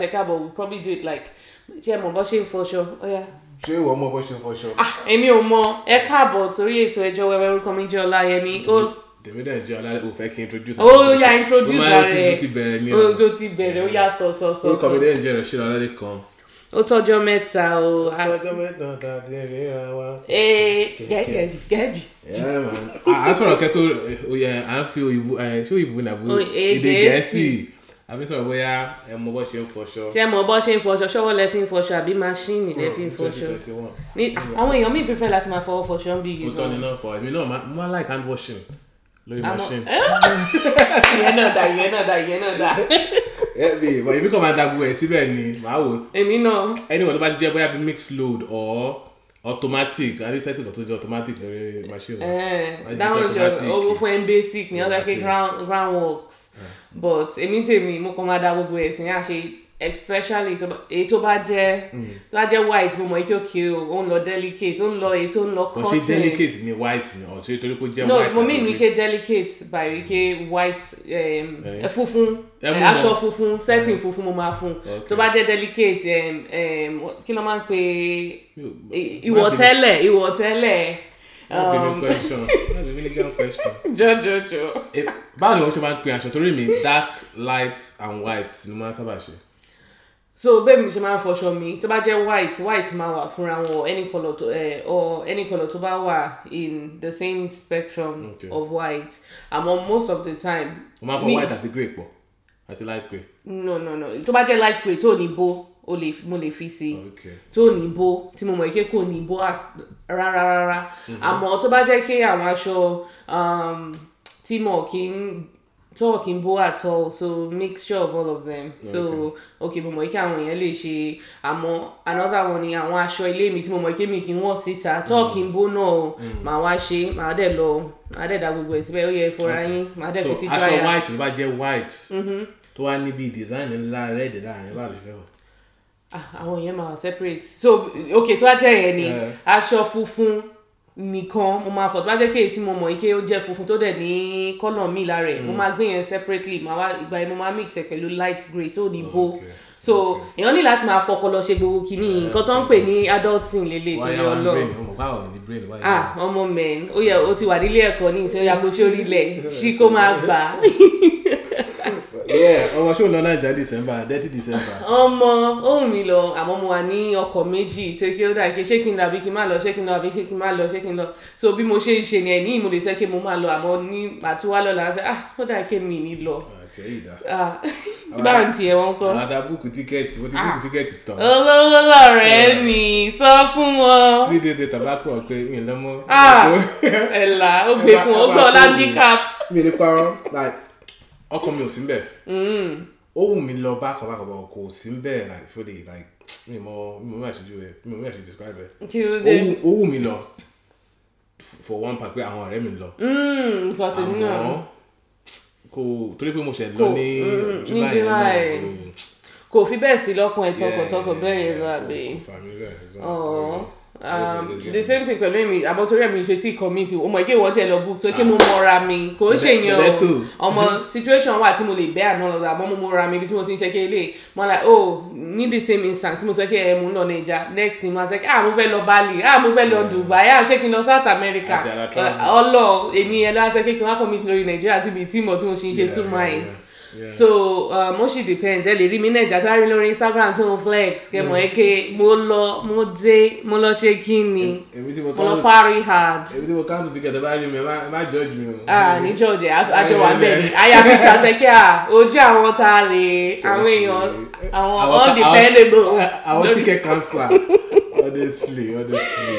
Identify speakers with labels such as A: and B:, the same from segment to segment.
A: ṣẹ̀ka but we'll probably do it like ṣé mo bọ́ ṣe ń fọṣọ ọ̀yà.
B: ṣé ìwọ mọ bọ́ ṣe ń fọṣọ. Ah,
A: èmi ò mọ ẹ káàbọ̀ torí ètò ẹjọ́ wẹ́wẹ́ orúkọ mi jẹ́ Ọláyẹmí.
B: dèmídà jẹ́ Ọláyẹmí ò fẹ́ kí n introduce. ó yá introduce rẹ̀ ojo
A: ti bẹ̀rẹ̀ ó yá sọ sọ sọ. orúkọ mi lẹ́yìn
B: jẹ́ Rasheed Ọládékan.
A: ó tọ́jọ́ mẹ́ta o. ó tọ́jọ́ mẹ́ta tá a ti ríra wa. ee gẹ́gẹ́jì gẹ́gẹ́jì.
B: à ń sọ̀rọ̀ kẹ́tọ́ à ń fi òyìnbó ṣé òyìnbó nàbó èdè Gẹ̀ẹ́sì àmì sọ̀rọ̀ bóyá ẹ mọ bọ́ ṣe ń fọṣọ.
A: ṣé mọ bọ́ ṣe ń fọṣọ ṣọwọ́ lẹ fi ń fọṣọ àbí máṣíìnì lẹ fi ń fọṣọ. ní àwọn èèyàn mi prefer láti máa fọwọ́ fọṣọ bí yìí. òótọ́ ni
B: náà pọ̀ èmi náà máa like hand washing lórí machine.
A: ìyẹn náà dà ìyẹn náà dà ìyẹn náà dà.
B: èmi kàn máa dagun ẹ̀ síbẹ̀ ni màá wò. èmi náà. ẹni wọ́n tó bá jẹ́ bóyá bí mixed load or automatic I ní setting kan tó jẹ́ automatic lórí machine eh, That one just owó
A: oh, for ẹn basic ní ọjọ́ pé ground ground works but èmi tèmi mo kàn máa da gbogbo ẹ̀sìn yà ṣe especially èyí tó bá jẹ́ mm. tó bá jẹ́ white mo mọ̀ ike òkè o ó ń lọ delicate ó ń lọ èyí tó ń lọ cotton. kò delicate
B: ni white ni ọ̀tún torí kó jẹ́ white. no mo mean wike
A: delicate by wike white eh. funfun eh, aṣọ funfun setting eh. funfun mo máa fún tó bá jẹ́ delicate kí ló máa ń pè ìwọ̀tẹ́lẹ̀ ìwọ̀tẹ́lẹ̀.
B: Um, question.
A: That's a religion question. Jọjọjọ.
B: Báwo ni wọ́n ṣe máa ń pè aṣọ torí mi dark light and white ni mo máa ń sábà ṣe
A: so bẹ́ẹ̀ mi ṣe máa ń fọṣọ mi tó bá jẹ́ white white máa wà fúnra wọn or any colour tó eh, or any colour tó bá wà in the same spectrum okay. of white àmọ́ most of the time. o máa fọ white
B: àti grey pọ̀ àti light grey.
A: no no no tó bá jẹ́ light grey tó ní bó o lè mo lè fi sí i tó ní bó tí mo mọ̀ ike kò ní bó ah, rárá rárá mm-hmm. àmọ́ tó bá jẹ́ kí àwọn aṣọ um, tí mo kì í talking bo at all so mixture of all of them so okay mo mọ̀ ike àwọn èèyàn lè ṣe àmọ́ another one ni àwọn aṣọ ilé mi tí mo mọ̀ ike mi kì í wọ̀ síta talking mm. bo náà mm. màá wá ṣe màá dẹ̀ lọ màá dẹ̀ da gbogbo ẹ̀ síbẹ̀ ó yẹ ìfọra yín màá dẹ̀ fi ti dry so aṣọ white ló bá jẹ́
B: white mm-hmm. tó wá níbi design ńlá red láàrin báwo ló fẹ́ wọ̀
A: ah, àwọn èèyàn máa separate so okay tó wá jẹ́ yẹn ni aṣọ funfun nìkan mo máa fọ̀ tó bá jẹ́ kéèyí tí mo mọ̀ ike ó jẹ́ funfun tó dẹ̀ ní kọ́nà míì lára ẹ̀ mo mm. máa gbé yẹn separately màá wá ìgbà yẹn mo máa mix ẹ̀ pẹ̀lú light grey tó ní bó so èèyàn ní láti máa fọkọ lọ ṣe gbogbo kìíní eh, nǹkan tó ń pè ní adulting lélẹ̀ tó yọ lọ ah ọmọ mẹ́rin ó yẹ ó ti wà nílé ẹ̀kọ́ ní ìṣẹ́yà kó sórí ilẹ̀ ṣí kó máa gbà á.
B: ọmọ ṣó lọ naija december thirty december.
A: ọmọ ohun mi lọ àmọ́ mo wà ní ọkọ̀ méjì tó kí ó dà kí ṣé kí n lọ àbí kí n má lọ ṣé kí n lọ àbí ṣé kí n má lọ ṣé kí n lọ so bí mo ṣe ṣe ni ẹ̀ní ìmúlò iṣẹ́ kí mo má lọ àmọ́ ní àtúwá lọ́la ṣe ah ó dà kí mi ní lọ. àti ẹ̀yìn dá. Ah, tí bá ń tiẹ̀ wọn kọ́. àwọn
B: àdàbùkù tíkẹ́ẹ̀tì mo ti bùkù ah. tíkẹ́ẹ̀tì tán. olówó lọ́rẹ́ mi sọ fún wọn. three days later bá pọ̀ pé ìyẹn lọ́mọ. ẹ̀là ó gbé fún ọ ó gbọ́ ọlá mi lè parọ́ like ọkọ mi ò sí bẹ́ẹ̀ ó wù mí lọ bákan bákan bákan kò sí bẹ́ẹ̀ like for like mi mọ mi mọ àṣejù rẹ mi mọ àṣejù describe rẹ ó wù mí lọ for one part pé àwọn ọ̀rẹ́ mi lọ
A: hmm, àmọ́
B: kò torí pé mo ṣẹ̀ lọ ní hmm, hmm, July yẹn náà
A: kò fi bẹ́ẹ̀ sí lọ́kùn ẹ̀ tọkàntọkàn bẹ́ẹ̀ yẹn lọ àbí. Ah, um, the same thing pẹ̀lú èmi àbọ̀tọ́rẹ́ mi ṣe tí community o mọ̀ ike ìwọ́n tiẹ̀ lọ book tó ké mo ah. mọra mi kò ń ṣe yẹn o ọmọ situation wà tí mo lè bẹ́ àná lọ́dọ̀ àmọ́ mo mọra mi ibi tí mo ti ń ṣe ké lè mo like oh ní the same instance mo sọ pé ẹ eh, mo ń lọ Naija next thing mo sọ pé ah mo fẹ́ lọ Bali ah mo fẹ́ lọ Dubai ah ṣé kí n lọ South America eh, ọlọ èmi ẹ lọ́wọ́ sọ pé kí n wá commit lórí Nàìjíríà tí mi tí mo ti ń ṣe two minds. Yeah so uh, mo ṣì depend ẹ lè rí mi nàìjà tó wá rí lórí instagram tó ń flex kẹmọ eke mo lọ mo dé mo lọ ṣe kíni mo lọ party hard.
B: èmi tí mo cancel ticket ẹ bá rí mi ẹ má judge mi o. ah ní george àjọ wà bẹ́ẹ̀ aya picture
A: sẹkẹ a ojú àwọn ta rè àwọn èèyàn àwọn undependable. àwọn ticket
B: canceller honestly honestly.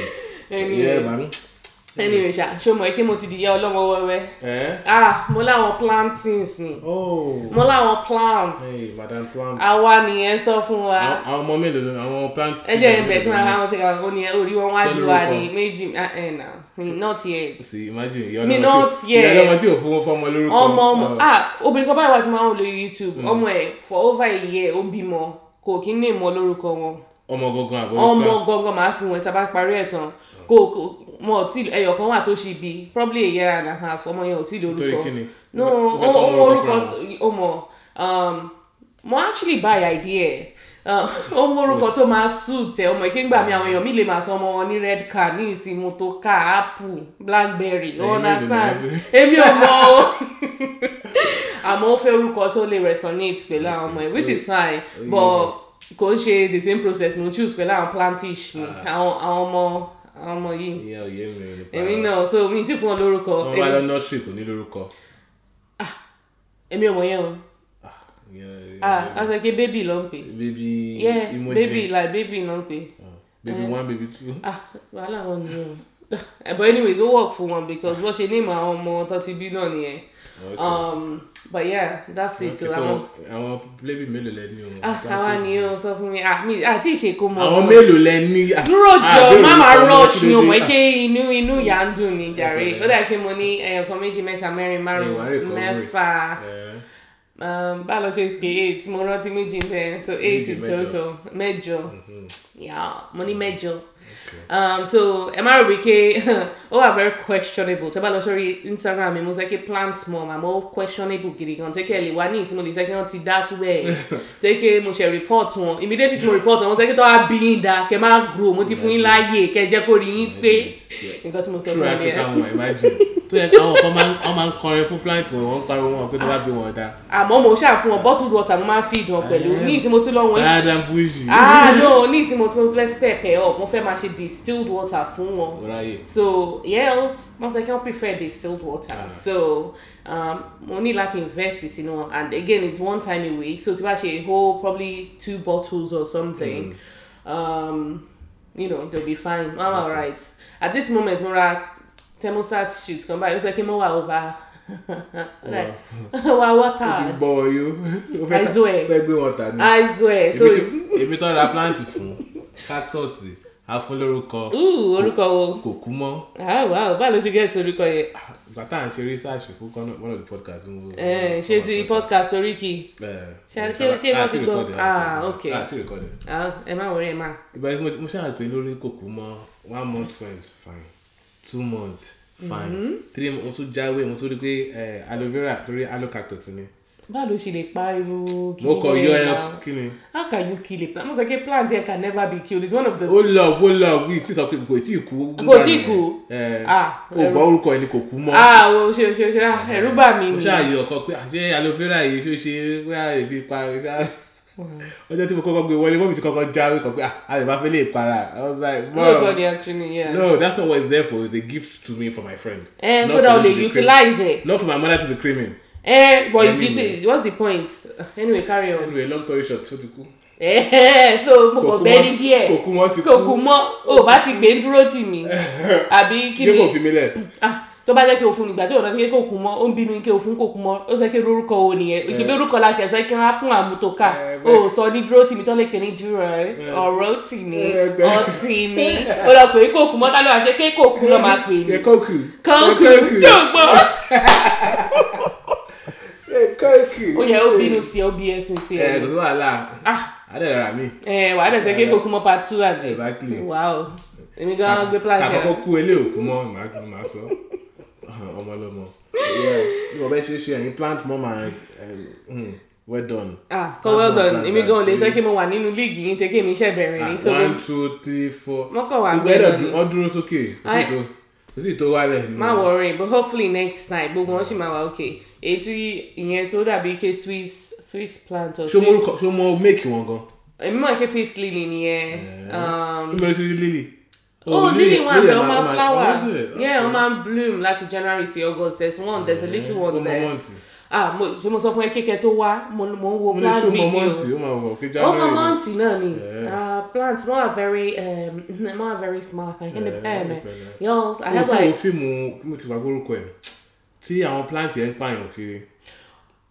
A: yeah, man anyway ṣá ṣé o mọ̀ pé mo ti di ìyá ọlọ́mọ wẹ́wẹ́ ah mo láwọn plantains ni oh. mo láwọn plants àwa nìyẹn sọ fún wa àwọn
B: ọmọ mélòó ló àwọn plant. ẹ jẹ́ ẹ̀ bẹ̀ tí wọ́n máa ń
A: ṣe kàn ó ní orí wọn wájú wa ní méjì ẹ̀ ah, eh, nà not yet. si imagine ìyá ọlọ́mọ tí ìyá ọlọ́mọ
B: tí ò fún fọmọ lórúkọ. ọmọ ọmọ oh. ah
A: obìnrin kan báyìí wá ti máa ń lo YouTube hmm. ọmọ ẹ̀ for over a year ó bímọ kò kí ní ìmọ̀ lórúkọ wọn.
B: ọmọ gangan àbọ̀ ọmọ
A: gangan máa fi wọn tí a bá parí ẹ̀ tán oh. kò kò wọn ò tí ẹyọ kan wà tó ṣe bí probably a year and a half ọmọ yẹn ò tí lórúkọ
B: no òun orúkọ
A: ọmọ um, mo actually buy idea ó um, mú orúkọ tó máa suit ẹ ọmọ ìkéngbà mi àwọn èèyàn mi lè máa sọ ọmọ wọn ní red car ní ìsinmi tó ká apple blackberry understand èmi ọmọ o àmọ́ ó fẹ́ orúkọ tó lè resonate pẹ̀lú àwọn ọmọ ẹ̀ which is fine but kò ń ṣe the same process mo choose pẹ̀lú àwọn plantish mi ah. àwọn ọmọ ọmọ yìí ìyá òye mi ò lè pa èmi náà so mi ti fún ọ lórúkọ. wọn wá lọ
B: nọọsì kò ní lórúkọ.
A: Ah, èmi ò mọ yẹn o ah, ah, a aṣọ ike baby ló ń pè. baby yeah, emoji baby like baby ló ń pè. baby one baby two. ah wàhálà wọn nìyẹn o. Eh, but anyways ó work for one because wọ́n ṣe ní ìmọ̀ àwọn ọmọ tó ti Um, but yeah that's it.
B: àwọn plébi mélòó lẹ ní o. Ah, àwa
A: ni o sọ fún mi àti ah, ìṣèkó mọ. àwọn mélòó
B: lẹ ní. dúró jọ má máa rush ni o mọ̀ you
A: know, ah. inú ìyá ń dùn ní jàre ó dà pé mo ní ẹ̀yọ̀kan méjì mẹ́ta mẹ́rin márùn-ún mẹ́fà eh. um, bá a eight more rántí méjì ń bẹ so eight in total Major, mm-hmm. yeah, money major. Okay. Um, so ẹ má rò wípé ó very questionable tẹ́ bá lọ sórí Instagram mi mo sẹ́ kí plant mom ma. ó questionable Giri, gan tẹ́ kí Li wani. wá ní ìsìn mo lè sẹ́ kí wọ́n ti dákú bẹ́ẹ̀ tẹ́ kí mo ṣe report wọn immediately tí mo report wọn mo sẹ́ kí tọ́ wá bí yín da kẹ́ má grow mo ti fún yín láàyè kẹ́ jẹ́ kó rí yín pé nǹkan tí mo true African woman
B: imagine. tó yẹ àwọn kan máa ń kọrin fún plant wọn wọn ń pariwo wọn pé tó bá gbé wọn dá.
A: àmọ́ mo ṣáà fún wọn bottled water mo máa ń feed wọn pẹ̀lú eh, ní ìsinmi tó lọ́wọ́ ẹ̀. dáadáa
B: bújì. ah
A: no ní ìsinmi tó fẹ́ step ẹ̀ up mo fẹ́ máa ṣe distilled water fún wọn. so yes mo sọ kí wọ́n prefer distilled water. Ah. so um, mo um, ní láti invest it sínú wọn and again it's one time a week so tí bá ṣe a whole probably two bottles or something mm. um, you know they'll be fine I'm alright at this moment mo ra thermostat sheet kan báyìí ó fẹ́ kí n mọ́ wà over wa water o ti gbọ́
B: yo o fẹ́ fẹ́ gbé wọn ta ni i swear so èmi tó ra plant fún cactus afún lórúkọ orúkọ wo kò kú mọ́ ah, wow báwo ló ṣe gẹ́ẹ̀tì orúkọ yẹn. ìgbà tá à ń ṣe research fún kọ́nà one of the podcasts mo.
A: Eh, ṣe ti podcast oríkì eh, ṣe ṣe wọ́n ti gbọ́ ah ok ah, ẹ má wọrí ẹ má.
B: ìgbà tí mo ṣe àgbẹ̀ lórí kò kú mọ́ one month went fine two months fine mm -hmm. three mo tún jáwé mo tún rí pé eh, aloe vera torí aloe cactus ni.
A: báwo ló ṣe lè pa irú kìnìún mo kọ yọ ẹran kíni. how can you kill a plant mo sọ pé plant yẹn can never be killed it's
B: one of the. ó lọ ó lọ wí tí sọ pé kò tí ì kú. kò tí ì kú. o eh, ah, gbọ́ orúkọ ẹni kò kú mọ́. ah o ṣe ṣe ṣe ah, ẹ̀rú bà mí. o ṣàyè ọkọ pé àṣé ah, aloe vera yìí ṣó ṣe wíwá èmi pa ọjọ́ tí mo kọ́kọ́ gbé wọlé mọ́mí ti kọ́kọ́ jáwé kan pé ah, a lè máa fẹ́ lè para i was like mom no tọ́ni actually yeah no that's not what it's there for it's a gift to me for my friend. Eh, not so that they utilize it. not for my mother to be creaming.
A: Eh, but if you t- what's the point anyway carry on. anyway long story short ó ti kú. Eh, so mo kàn bẹ́ẹ̀ ní díẹ̀ kòkú mọ́ ti kú kòkú mọ́ ò bá ti gbé dúró tì mí àbí kí ni. ṣé kò fi mi lẹ̀. ah tó bá jẹ́ kí o fún nígbà tí òun náà ti ké kó kun mọ́ ó ń bínú kí o fún kó kun mọ́ ó sẹ́ kí lórúkọ o nìyẹn ìṣègbè eh. orúkọ la ṣẹ̀ṣẹ̀ kí wọ́n á kún àmútó ká eh, o sọ ní dúró tì mí tó lè pè ní dúró ẹ eh, ọ̀rọ̀ tì mí ọtì mí ó lọ pè é kó kun mọ́ tá ló wà ṣe ké kó kun lọ́ máa pè mí kókù kókù tó gbọ́. ó yẹ ó bínú sí ọ bí ẹsìn sí ẹ. ẹ ah! dẹ̀ tẹ́ ké kó kun mọ́ part two àbí. exactly. wow èmi gan gbé plan ṣe. kàkọ́kọ́
B: kú eléyòókù mọ́ màá sọ. ọmọlọmọ yeah ọbẹ ṣe ṣe ẹyin plant mọ ma hmm, well done. ah kọ well done èmi gan lè sọ
A: kí mo wà nínú líìgì yìí tẹ́kẹ́ mi iṣẹ́ bẹ̀rẹ̀ ní. Ah, one two
B: three four mọ́kọ̀ wà bẹ́ẹ̀ lọ ni ìgbẹ́dọ̀ ọdún sókè kò sì tó wálẹ̀. má
A: wọrin but hopefully next time gbogbo wọn sì máa okay èyí tí ìyẹn tó dàbí ké swiss swiss plant or swiss.
B: ṣé mo make wọn gan.
A: èmi mọ̀ ké peace lily nìyẹn. mi ò sí lily.
B: Oh, oh lily, one bẹ ọmọ flower okay. yeah
A: ọmọ bloom Like to January sí August there's one there's a eh, little one there ah mo ṣe mo sọ fún ẹ kékeré tó wá mo mo wo plant video mo lè ṣe ọmọ mọ́ǹtì náà ni eh. ah, plants mo are very um, mo are very smart and independent yours I eh, have like. mo ti wo
B: fíìmù mo ti gbàgbórúkọ ẹ tí àwọn plants yẹn ń pààyàn kiri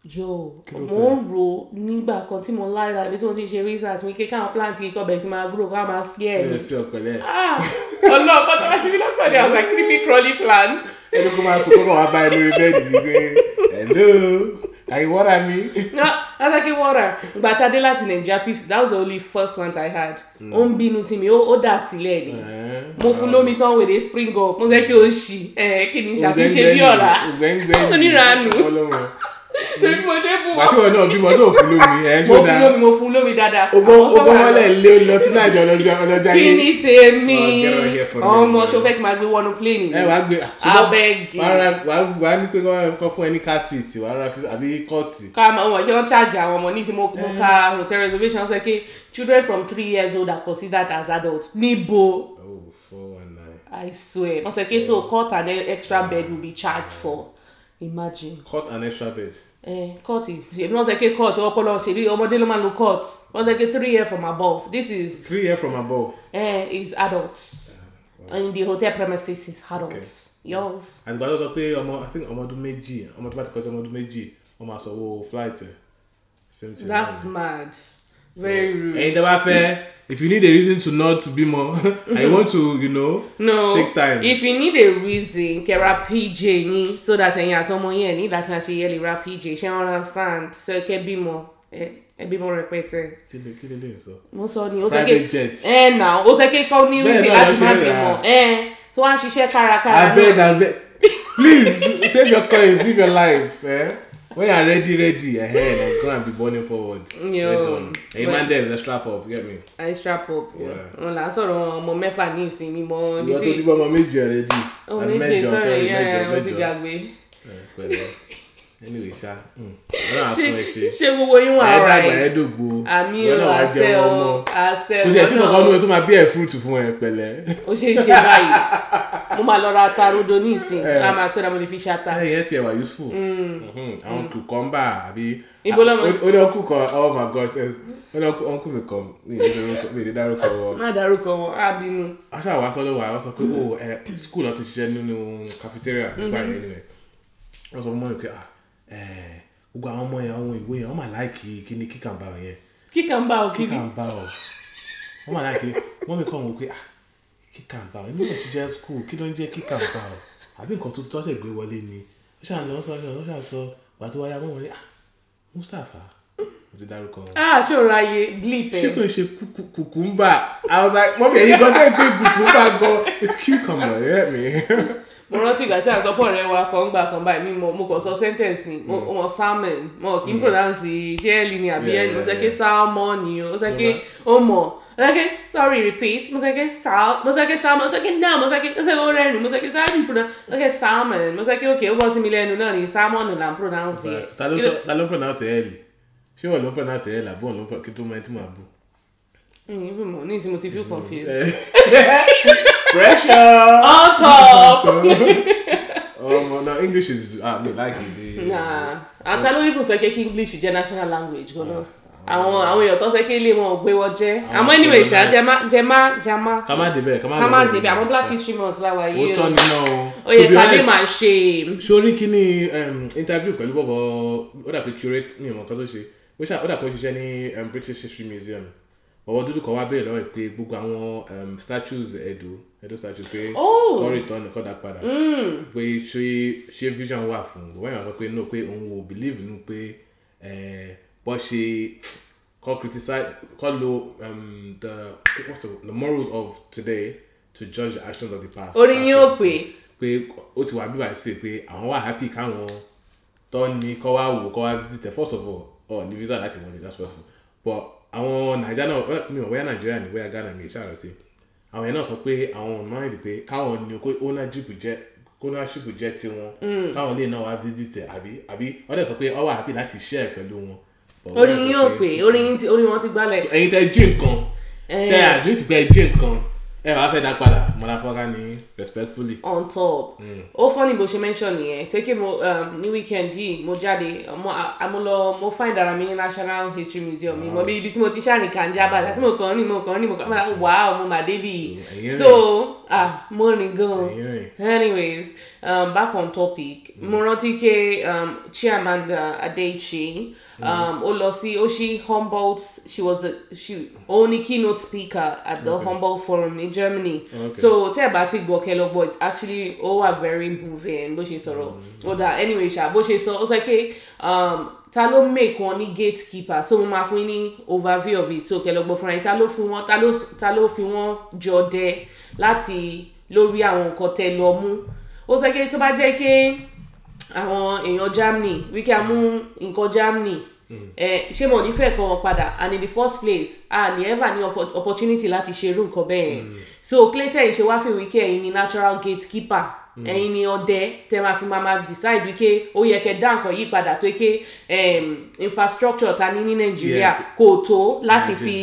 A: yo mo ń ro nígbà kan tí mo láyé la ibi tí mo ti ṣe research mi kékeré àwọn plant yìí kọ bẹ̀rẹ̀ tí máa grow ká máa scare mi. ẹsẹ ọkọlẹ. ọlọ́ọ̀ kọ́tà wá sí mi ah! lọ́kọ̀ ni àwọn creepy crawly plant.
B: ẹni kó máa sọ kókò wá bá ẹnu rí bẹ́ẹ̀ nìyí hello
A: kàyí wọ́ra mi. no látàkì wọ́ra ìgbà tí a dé láti nàìjíríà peace that was the only first plant i had. Hmm. ó ń bínú sí mi ó dà sílẹ̀ ni eh, mo fún um, lómi tán wèrè spring up mo fẹ́ kí o ṣì eh, kí ni ṣàkíṣe bí ọ̀la ó ní lórí mo dé fún wa. wàá
B: kí wọn náà bímọ tó fún lómi ẹ ṣó dáa
A: mo fún lómi mo fún lómi dáadáa. o bọ́ o bọ́ wọlé
B: ilé lọ sí náà jọ lọ́jọ́ ọlọ́jà yìí. kí ni tèmi oh, ọmọ ṣọfẹ́ ti
A: máa gbé wọnú pléènì. ẹ wàá gbé abẹ́gì.
B: wàá ní pé kọ́ fún ẹ ní car seat wàá ra àbí kọ́ọ̀tì.
A: ká àwọn ọmọ ìjọba charge àwọn ọmọ ní ti mo eh. ka hotel reservation sọ pé children from three years old are considered as adults níbo.
B: oh four one nine.
A: i swear wọ́n sọ pé so eh. court and extra bed will be charged for imagine.
B: court and extra bed.
A: Eh, court ṣebí wọ́n sọ pé court ọpọlọ ṣebí ọmọdé ló máa ń lo court wọ́n sọ pé three years from above this is. three years from above. Uh, is adults uh, wow. in the hotel premises is adults okay. yours.
B: àgbà yóò sọ pé ọmọ i think ọmọ ọdún méjì ọmọ tó bá ti kọjá ọmọ ọdún méjì wọ́n máa sanwó flight. same thing
A: that's mad. very rude. ẹ̀yin tó bá fẹ́
B: if you need a reason to not be more i want to you know no take time if
A: you need a reason kẹ́ pj yín so that ẹ̀yin àtọmọ yín ẹ ní láti máa ṣe yẹ lè ra pj ṣé wọn understand so kẹ́ bímọ ẹ ẹ bímọ rẹpẹtẹ. kíni kíni lè sọ. mo sọ ni o sẹ ké ẹ nà o sẹ ké kọ́ ní reason láti má bímọ ẹ tó wá ń ṣiṣẹ́ kárakára náà. abeg
B: abeg please save your coins live your life. Eh? when you are ready, ready, ahead. eh, eh go and be burning forward. Yo, right Hey, man, there's a strap up, get me.
A: I strap up. Yeah. Ọ̀la sọ̀rọ̀ ọmọ mẹ́fà ní ìsinmi mọ́ ní tí. Ìwọ́n tó ti bọ́ ọmọ
B: méjì already. Ọmọ oh, méjì sọ̀rọ̀ yẹn, mo ti gbàgbé.
A: Eh,
B: anyway hmm. ṣá ṣe gbogbo yín wà ọ̀rọ̀ ẹ̀ ẹ̀ dàgbà àmì o àṣẹ o àṣẹ o náà kò sì ẹ̀sìn kankan nínú tó máa bí ẹ̀ fúrùtù fún ẹ pẹ̀lẹ́.
A: ó ṣe é ṣe báyìí mo máa lọ ra tarudo ní ìsìn eh. a máa tẹ́ra mo lè fi ṣata. ẹ eh, yẹn ti ẹwà useful hmm. Hmm, àwọn
B: kùkọ́mbà àbí ah, ó ní ọkùn kan oh my gosh ó ní ọkùn mi kan mi ní dárúkọ wọn. má dárúkọ wọn á bínú. aṣọ àwọn aṣọ ló wà sọ pé ó oh, ẹ eh, school ọtí ṣiṣẹ́ nínú cafeteria nígbà mm-hmm. yẹn anyway wọ́n sọ fún mọ́ni pé ah Eh, gbogbo àwọn ọmọ yẹn àwọn ìwé yẹn wọ́n mà láìkì kíní kíkàǹbà yẹn.
A: kíkàǹbà ò kiri kíkàǹbà
B: ò wọ́n mà láìkì wọ́n mi kọ́ wọn pé ah, kíkàǹbà ò inú ìṣiṣẹ́ school kí ló ń jẹ́ kíkàǹbà ò àbí nǹkan tuntun tó ṣẹ̀ gbé wọlé ni ó ṣàn lọ sọ ọ ṣàn sọ ìgbà tó wáyà wọ́n wọlé ah Mustapha mo ti dárúkọ wọn.
A: ah ṣé o ra iye blip ẹ. ṣé kò ń
B: ṣe kùkùmbà i was like mọ́mí ẹ̀yin gan-an tẹ́ ń kùkùmbà gan-an it's cucumber you get me.
A: mo rántí ìgbà tí à ń sọ fọ́ọ̀rẹ́ wa kan gbà kan báyìí mi mo kàn sọ sentence ni mo salmon mo kì í pronounce ṣé ẹ̀lì ni àbí ẹ̀lì mo sọ pé salmon ni o sọ pé ó mọ̀ mo sọ pé sorry repeat mo sọ pé sal mo sọ pé salmon mo sọ pé náà mo sọ pé mo sọ pé ó rẹ́rìn mo sọ pé salmon pronounce mo sọ salmon mo sọ pé ok ó bọ́ sí mi lẹ́nu náà ni salmon là ń pronounce yẹ.
B: ta ló pronounce ẹ̀lì ṣé wọn ló pronounce ẹ̀lì àbúrò ló kí tó máa ti máa bú
A: ìbí mọ̀ ní ìsinmi ti feel confused. Eh. pressure. on top.
B: Oh ọmọ na english is ah mi like
A: it. na ata ló even sọ pé kí english jẹ́ national language gan-an àwọn àwọn èèyàn tó ṣe kí ilé wọn ò gbé wọn ah, jẹ àmọ́ anyway ṣá jẹmá jama. ká má débẹ̀ ká má débẹ̀ ká má débẹ̀ black history month láwa yìí o òótọ́ nínú o yẹ ká lè máa
B: ṣe. sórí kí interview pẹ̀lú bọ̀bọ̀ ó dà pé curate ni ìmọ̀ kan tó ṣe ó dà pé ó ṣiṣẹ́ ní british history museum ọwọ́ dúdú kan wá béèrè lọ́wọ́ pé gbogbo àwọn um, statues Edo Edo statues pé oh! kọ́ return kọ́ dá padà mm. pé ṣé ṣé vision wà fún un wọ́n yàn sọ pé no pé òun ò believe nínú pé bọ́ ṣe kọ́ criticize kọ́ lo um, the what's the, the morals of today to judge the actions of the past. orin yín ó pè. pé ó ti wà bíbá sí pé àwọn wà happy káwọn tó ní kọ́ wá wò kọ́ wá visit first of all ọ̀ ní visa láti wọlé that's first of all but àwọn nàìjíríà náà eh, mi ò wẹ́yà nàìjíríà ní wẹ́yà ghana mi ìṣàrọ̀ sí àwọn yẹn náà sọ pé àwọn ọ̀nà máa ń di pé káwọn ní pé ownership jẹ́ ownership jẹ́ tiwọn hmm. káwọn lè náà wá visit àbí àbí wọ́n dẹ̀ sọ pé ó wà happy láti share pẹ̀lú wọn. orin yín ò pé orin
A: wọn ti gbálẹ̀. ẹ̀yin tẹ́ jí nǹkan tẹ́
B: àdúrótì eh. pé ẹ jí nǹkan ẹ máa fẹ́ dá padà mọ̀nàfọ́gá ni
A: respectfully. on top hmm. ó fọ́nì bó ṣe mention nìyẹn tẹ́kí mo um, ní weekend yìí mo jáde mo lọ mo find ara mi ní national history museum mi mo bí ibi tí mo ti ṣàrìnkà ń jábàdà hmm. tí mo kàn ń mo kàn ń mo kàn ń wow mo mà débì hmm, so. Yeah ah morning girl. anyways um, back on topic mm. mo rántí pé um, Chimamanda mm. um, ó lọ sí ó ṣí Humboldt she was a, she ó keynote speaker at the okay. Humboldt Forum in Germany okay. so tẹ́ ẹ̀ bá ti gbọ́ kẹ́ lọ gbọ́ it's actually ó oh, wà very moving bó ṣe sọ̀rọ̀ mm. ó dà anyway ṣá bó ṣe sọ ó sọ pé um, ta ló make wọn ní gatekeeper so mo máa fún yín ní overview of it so kẹ́ lọ gbọ́ fúnra yín ta ló fún wọn ta ló fi wọn jọ dẹ láti lórí àwọn nǹkan tẹ lọ mú ó sọ pé tó bá jẹ́ pé àwọn èèyàn Germany wíkẹ́ amú nǹkan Germany hmm. ṣé mo nífẹ̀ẹ́ kan padà and in the first place a ní ever ní opportunity láti ṣe irú nǹkan bẹ́ẹ̀ hmm. so clayton ṣe wá fi wíkẹ́ yìí ní natural gatekeeper Mm. ẹ̀yin ni ọdẹ tẹ máa fi máa máa decide wípé ó yẹ kẹ́ dá nǹkan yí padà tó ké ehm, infrastructure ta ní ní nàìjíríà kò tó láti fi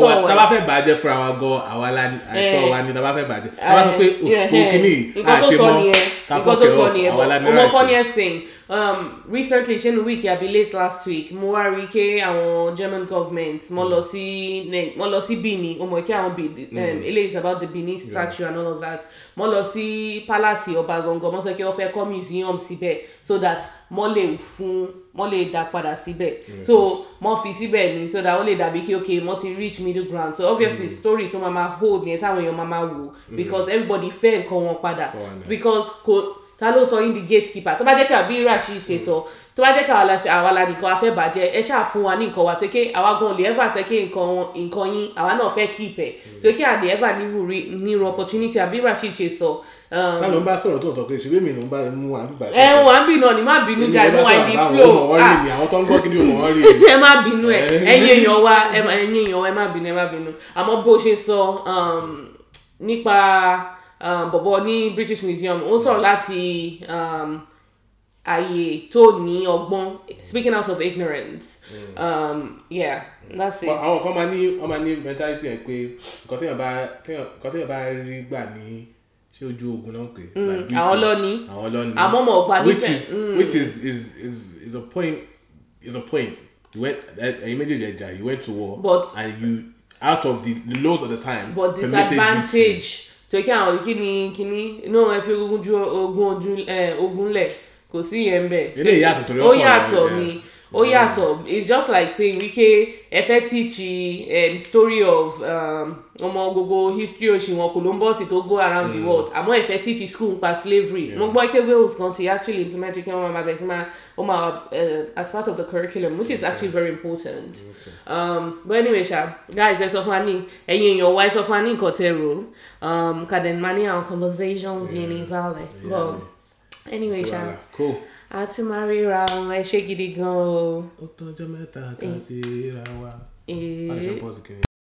A: sọ ẹ. tábà
B: fẹ́ bàjẹ́ fúnra wa gan àwa la àìtọ́ eh. wa ni tábà fẹ́ bàjẹ́ tábà fẹ́ eh. pé òkè ní àṣemọ́ káfọ́kẹ́ ọ̀ àwa la ní ráìtì.
A: thing um, recently ṣe nu week abi late last week mo wá rí ike àwọn german government mo lọ mm. sí mo lọ sí benin o ike àwọn mm. um, eléyìí is about the Bini statue yeah. and all of that mo lọ sí palace ọba gangan mo sọ pé wọ́n fẹ́ kọ́ museum síbẹ̀ so that mo lè fún mo lè dá padà síbẹ̀ mm. so mo fi síbẹ̀ ni so that ó lè dàbí kí okay mo ti reach middle ground so obviously mm. story tó máa ma hold yẹn táwọn èèyàn máa ma wò because everybody fẹ́ nǹkan wọn padà because kò ta ló sọ yín di gatekeeper tó bá jẹ́ kí àbí rashid ṣe sọ tó bá jẹ́ kí àwa la nìkan afẹ́ bàjẹ́ ẹ ṣáà fún wa ní nǹkan wa tó ké àwa gan lè ever ṣe kí nǹkan yín àwa náà fẹ́ keep ẹ̀ tó ké àlè ever nírú opportunity àbí rashid ṣe sọ um, ta ló ń
B: bá sọ̀rọ̀ tó ń sọ pé ṣebí mi ló ń bá mú àbí bàjẹ́. ẹ
A: wà ń bì ni má bínú jà mú àìní flow ah.
B: àwọn tó ń gbọ́ kíni òmò rí. ẹ má bínú ẹ eh. ẹyin èèyàn
A: wa ẹyin èèyàn wa ẹ má bínú ẹ má bínú àmọ́ bó um, bọ̀bọ̀ ní British Museum ó ń sọ̀rọ̀ láti um, àyè tó ní ọgbọ́n speaking out of ignorance hmm. um, yeah that's it. àwọn kan máa
B: ní wọ́n máa ní mentality ẹ̀ pé nǹkan téèyàn bá rí gbà ní ṣé ojú ogun náà pé. Hmm, àwọn lọ́ni àwọn lọ́ni àmọ́ mọ̀ ọ̀gbà different. which is is is is a point is a point you went ẹ̀yin méjèèjì ẹja you went to war but, and you out of the loads of the time. but disadvantage
A: torí kí àwọn kí ni kí ni inú ẹ fi ogún ojú ogún ojú ẹ eh, ogún lẹ̀ kò sí ìyẹn bẹ́ẹ̀. ilé ìyàtọ̀ ó yàtọ̀ ni ó yàtọ̀ it's just like saying wike ẹ fẹ́ teach um, story of um, ọmọ um, gbogbo history òṣìwọ̀n Columbus tó go around mm. the world àmọ́ ẹ fẹ́ teach school nípa slavery mo gbọ́ ike wales kan ti actually implement kí wọ́n máa bẹ̀rẹ̀ sí máa ó máa uh, as part of the curriculum which is actually very important okay. um, but anyway ṣá guys ẹ sọ fún wa ní ẹ̀yin èèyàn wa ẹ sọ fún wa ní nǹkan tẹ́ ro um, kàdé ní ma ní àwọn conversations yìí ní sálẹ̀ but anyway ṣá. cool a ti máa ríra wọn ẹ ṣé gidi gan o. ó tó mẹ́ta tá a eh. ti ríra wa. àjọpọ̀ sí kiri.